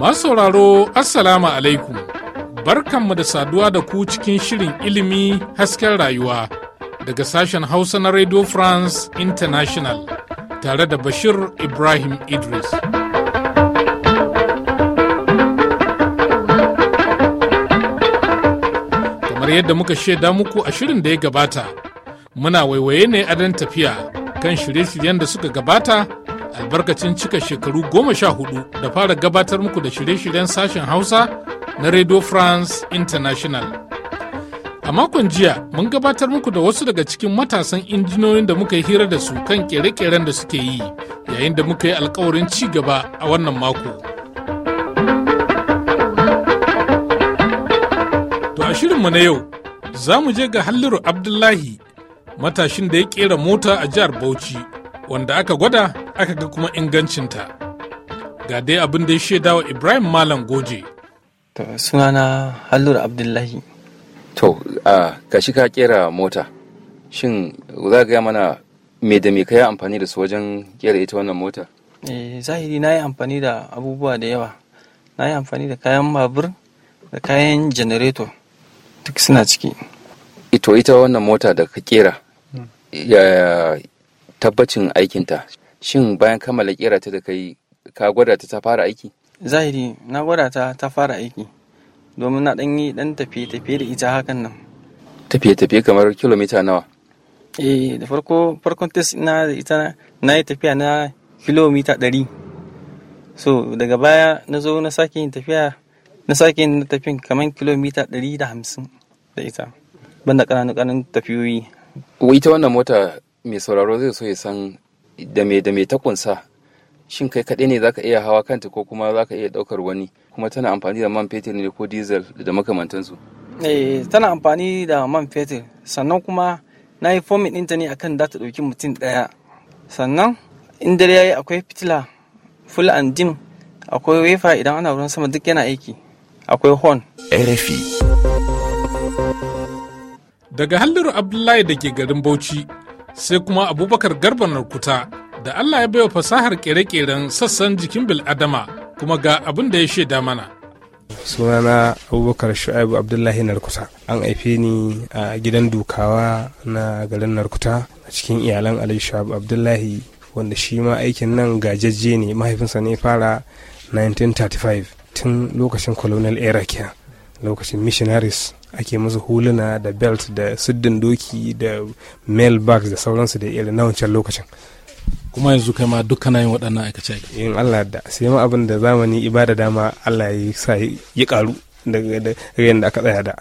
Masu sauraro Assalamu alaikum barkanmu da saduwa da ku cikin shirin ilimi hasken rayuwa daga sashen Hausa na Radio France International tare da Bashir Ibrahim Idris. Kamar yadda muka shaida muku a shirin da ya gabata muna waiwaye ne a dan tafiya kan shirye-shiryen da suka gabata albarkacin cika shekaru goma sha hudu da fara gabatar muku da shirye-shiryen sashen hausa na radio france international a makon jiya mun gabatar muku da wasu daga cikin matasan injiniyoyin da muka yi hira da su kan kere-keren da suke yi yayin da muka yi alkawarin ci gaba a wannan mako to a shirinmu na yau za mu je ga halliru abdullahi matashin da ya kera mota a jihar Bauchi wanda aka gwada aka ga kuma ingancinta. Ga dai abin da ya shaida wa Ibrahim Malam Goje. To sunana Hallur Abdullahi. To a shi ka kera mota. Shin za ga mana me da me kai amfani da su wajen kera ita wannan mota? Eh zahiri na yi amfani da abubuwa da yawa. Na yi amfani da kayan babur da kayan janareto duk suna ciki. Ito ita wannan mota da ka kera ya tabbacin aikinta shin bayan kammala kera ta da kai ka gwada ta ta fara aiki zahiri na gwada ta ta fara aiki domin na ɗan yi ɗan tafiye-tafiye da ita hakan nan tafiye-tafiye kamar kilomita nawa eh da farko farkon test na da ita na yi tafiya na kilomita ɗari so daga baya na zo na sake yin tafiya na sake yin tafiyan kamar kilomita ɗari da hamsin da ita banda ƙananan ƙananan tafiyoyi ita wannan mota mai sauraro zai so ya san da me da mai ta kunsa shin kai kaɗai ne zaka iya hawa kanta ko kuma zaka iya ɗaukar wani kuma tana amfani da man fetur ne ko diesel da makamantansu eh tana amfani da man fetur sannan kuma na yi fomin ɗinta ne akan da ta ɗauki mutum ɗaya sannan in dare ya yi akwai fitila full and dim akwai wefa idan ana ruwan sama duk yana aiki akwai horn rfi daga halliru abdullahi da ke garin bauchi sai kuma abubakar garba narkuta da allah ya baiwa fasahar kere-keren sassan jikin bil'adama kuma ga abin da ya shaida mana sunana abubakar shu'aibu abdullahi narkuta an haife ni a gidan dukawa na garin narkuta a cikin iyalan ali shu'aibu abdullahi wanda shi ma aikin nan gajajje ne mahaifinsa ne fara 1935 tun lokacin colonial era kenan lokacin missionaries ake musu huluna da belt da siddin doki da mail bags da sauransu da irin na wancan lokacin kuma yanzu kai ma duk kana yin waɗannan aikace in Allah da sai ma abin da zamani ibada dama Allah ya sa ya karu daga yadda aka tsaya da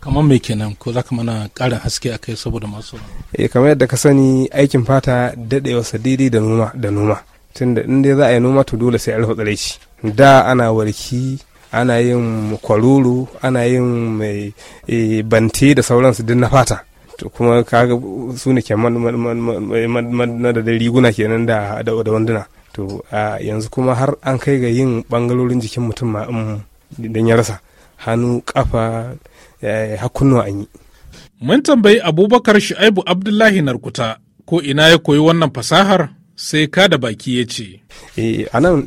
kamar me kenan ko zaka mana karin haske a kai saboda masu eh kamar yadda ka sani aikin fata wasa daidai da noma da noma tunda in dai za a yi noma to dole sai a rufe tsare shi da ana warki ana yin kwaruru ana yin mai e, banti da sauransu duk na fata to kuma kaga su ne ke da riguna kenan da da wanduna to yanzu kuma har an kai ga yin bangarorin jikin mutum ma um, idan ya rasa hannu kafa e, hakunnuwa an yi mun tambayi abubakar shu'aibu abdullahi narkuta ko ina ya koyi wannan fasahar sai ka da baki ya ce eh, a nan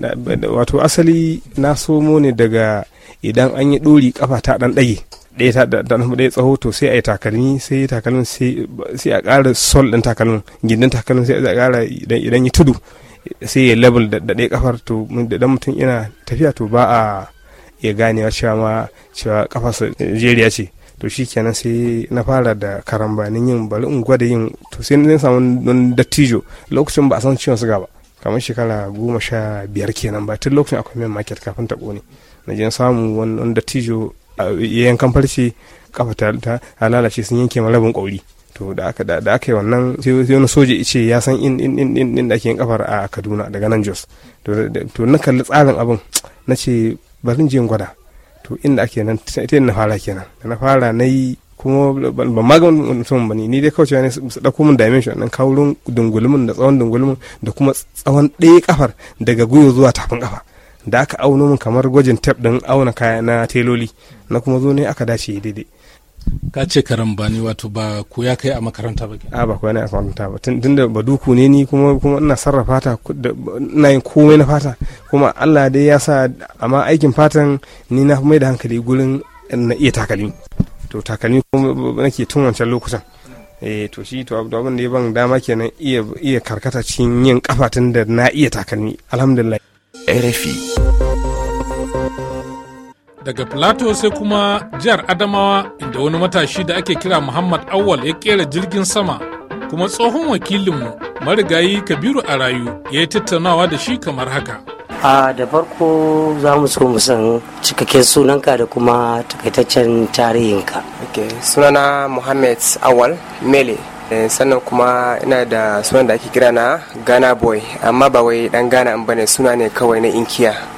wato asali na somo ne daga idan an yi ɗori kafa ta ɗan ɗage ɗaya ta ɗaya tsaho to sai a yi takalmi sai takalmin sai a ƙara sol ɗin takalmin gindin takalmin sai a ƙara idan yi tudu sai ya level da ɗaya kafar to da mutum yana tafiya to ba a ya ganewa cewa ma cewa su jeriya ce to shi kenan sai na fara da karambanin yin bari in gwada yin to sai zan samu don dattijo lokacin ba a san ciwon suga ba kamar shekara goma sha biyar kenan ba tun lokacin akwai min market kafin ta ƙone na je samu wani dattijo ya yankan farce kafa ta lalace sun yanke ma rabin ƙauri to da aka da aka yi wannan sai wani soja ya ce ya san in in da ake yin kafar a Kaduna daga nan Jos to na kalli tsarin abin na ce bari in je gwada to inda ake nan ta na fara kenan da na fara na yi kuma ban magan mutum ba ne ni dai kawai ne su dauko min dimension nan kaurin dungulmin da tsawon dungulmin da kuma tsawon ɗaya kafar daga gwiwa zuwa tafin kafa da aka auno min kamar gwajin tef ɗin auna kaya na teloli na kuma zo ne aka dace daidai ka ce karan ba ni wato ba ku ya kai a makaranta ba a ba ku ya a makaranta ba tun da ba duku ne ni kuma kuma ina sarrafa ta ina yin komai na fata kuma Allah dai ya sa amma aikin fatan ni na mai da hankali gurin na iya takali to takali kuma nake tun wancan lokutan eh to shi to abin da ya ban dama kenan iya iya karkata cikin yin kafatun da na iya takali alhamdulillah RFI daga plateau sai kuma jihar adamawa inda wani matashi da ake kira muhammad awal ya kera jirgin sama kuma tsohon wakilinmu marigayi kabiru a rayu ya yi tattaunawa da shi kamar haka a da farko za mu so mu san cikakken sunanka da kuma takaitaccen tarihinka ok sunana muhammad awal mele eh, sannan kuma ina da sunan da ake kira na ghana boy amma ba wai dan ghana ba bane suna ne kawai na inkiya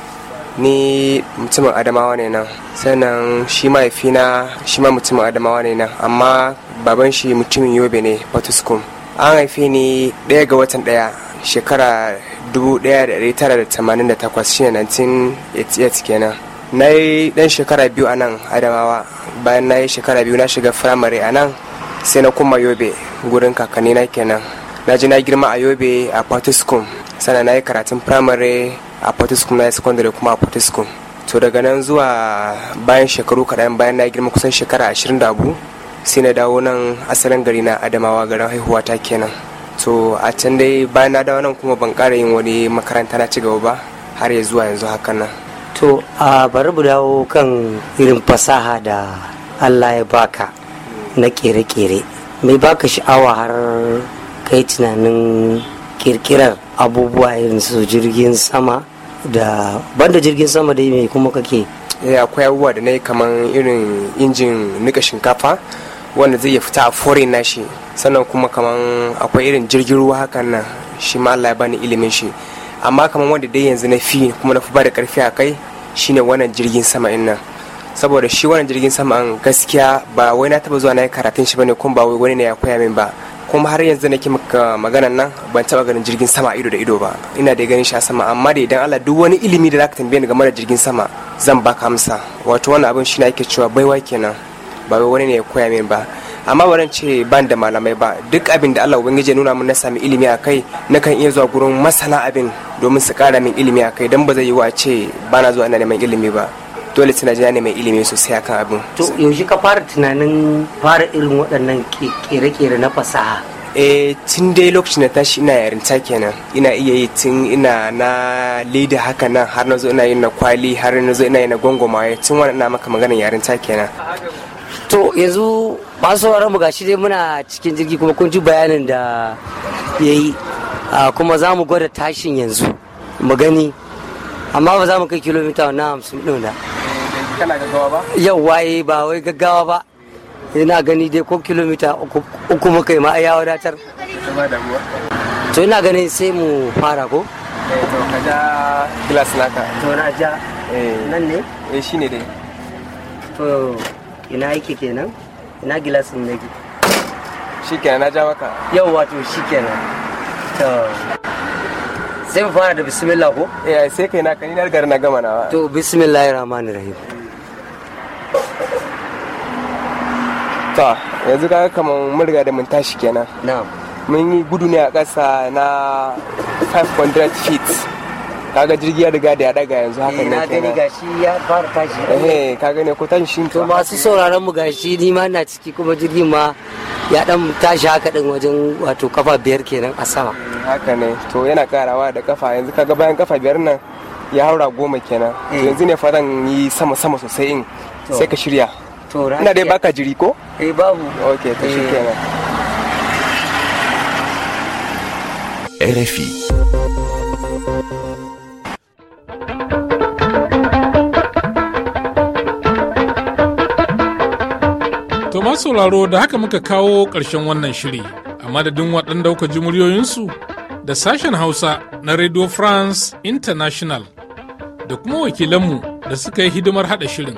ni mutumin adamawa ne nan sannan shi mahaifina shi ma mutumin adamawa ne nan amma baban shi mutumin yobe ne patuskum an haife ni ɗaya ga watan ɗaya shekara 1988 ne 1988 kenan na yi ɗan shekara biyu a nan adamawa bayan na yi shekara biyu na shiga firamare a nan sai na kuma yobe gurin kakanni na kenan na ji na girma a yobe a patuskum sannan na yi karatun firamare a potiskum na secondary kuma a potiskum to daga nan zuwa bayan shekaru kaɗan bayan na girma kusan shekara ashirin da abu sai na dawo nan asalin gari na adamawa garin haihuwa ta kenan to a can dai bayan na dawo nan kuma ban ƙara yin wani makaranta na cigaba ba har ya zuwa yanzu hakan nan to a bari mu dawo kan irin fasaha da allah ya baka na kere-kere mai baka sha'awa har kai tunanin kirkirar abubuwa irin jirgin sama da banda jirgin sama dai mai kuma kake eh, akwai abubuwa da na yi kamar irin injin nika shinkafa wanda zai ya fita a fore na shi sannan kuma kamar akwai irin jirgin ruwa hakan nan shi ma Allah ya bani ilimin shi amma kamar wanda dai yanzu na fi kuma na fi ba da karfi a kai shine wannan jirgin sama in nan saboda shi wannan jirgin sama gaskiya ba wai na taba zuwa na yi karatun shi bane kuma ba wai wani ne ya koya min ba kuma har yanzu nake maka maganan nan ban taba ganin jirgin sama ido da ido ba ina da ganin shi a sama amma da idan Allah duk wani ilimi da zaka tambaye ni game da jirgin sama zan baka amsa wato wannan abin shine ake cewa baiwa kenan ba wai wani ne ya koya min ba amma ba ce ban da malamai ba duk abin da Allah ubangiji ya nuna min na sami ilimi a kai na kan iya zuwa gurin masana abin domin su kara min ilimi a kai dan ba zai yi wa a ce bana zuwa ina neman ilimi ba dole tunajina ne mai ilimi sosai akan abin to yaushe ka fara tunanin fara irin waɗannan kere-kere na fasaha eh tun dai lokacin da tashi ina yarinta kenan ina iya yi tun ina na leda haka nan har na zo ina yin na kwali har na zo ina yin na gwangwamaye tun wani ina maka maganin yarinta kenan to yanzu masu mu gashi dai muna cikin jirgi kuma kun ji bayanin da ya yi ah, kuma za mu gwada tashin yanzu mu gani amma ba za mu kai kilomita na hamsin ɗin da kana gaggawa ba yau waye ba wai gaggawa ba ina gani dai ko kilomita uku muka yi ma ya wadatar to ina ganin sai mu fara ko eh, to ka ja glass naka to na ja eh. nan ne eh shine dai to ina yake kenan ina glass din nake shikenan na ja maka yau wato shikenan to sai mu fara da bismillah ko eh sai kai na kan ina rigar na gama nawa to bismillahir rahmanir rahim to yanzu kaga kamar mun riga da mun tashi kenan mun yi gudu ne a ƙasa na 500 feet kaga jirgi ya riga da ya daga yanzu haka eh, ne na gani gashi ya fara tashi eh kaga ne ko tashi shi to masu sauraron mu gashi ni ma na ciki kuma jirgin ma ya dan tashi haka din wajen wato kafa biyar kenan a sama eh, haka ne to yana karawa da kafa yanzu kaga bayan kafa biyar nan ya haura goma kenan eh. yanzu ne faran yi sama sama sosai in sai ka shirya to ina dai baka jiri ko eh babu okay to shikenan eh. RFI To masu sauraro da haka muka kawo ƙarshen wannan shiri a madadin waɗanda kuka ji muryoyinsu da sashen Hausa na Radio France International da kuma wakilanmu da suka yi hidimar haɗa shirin.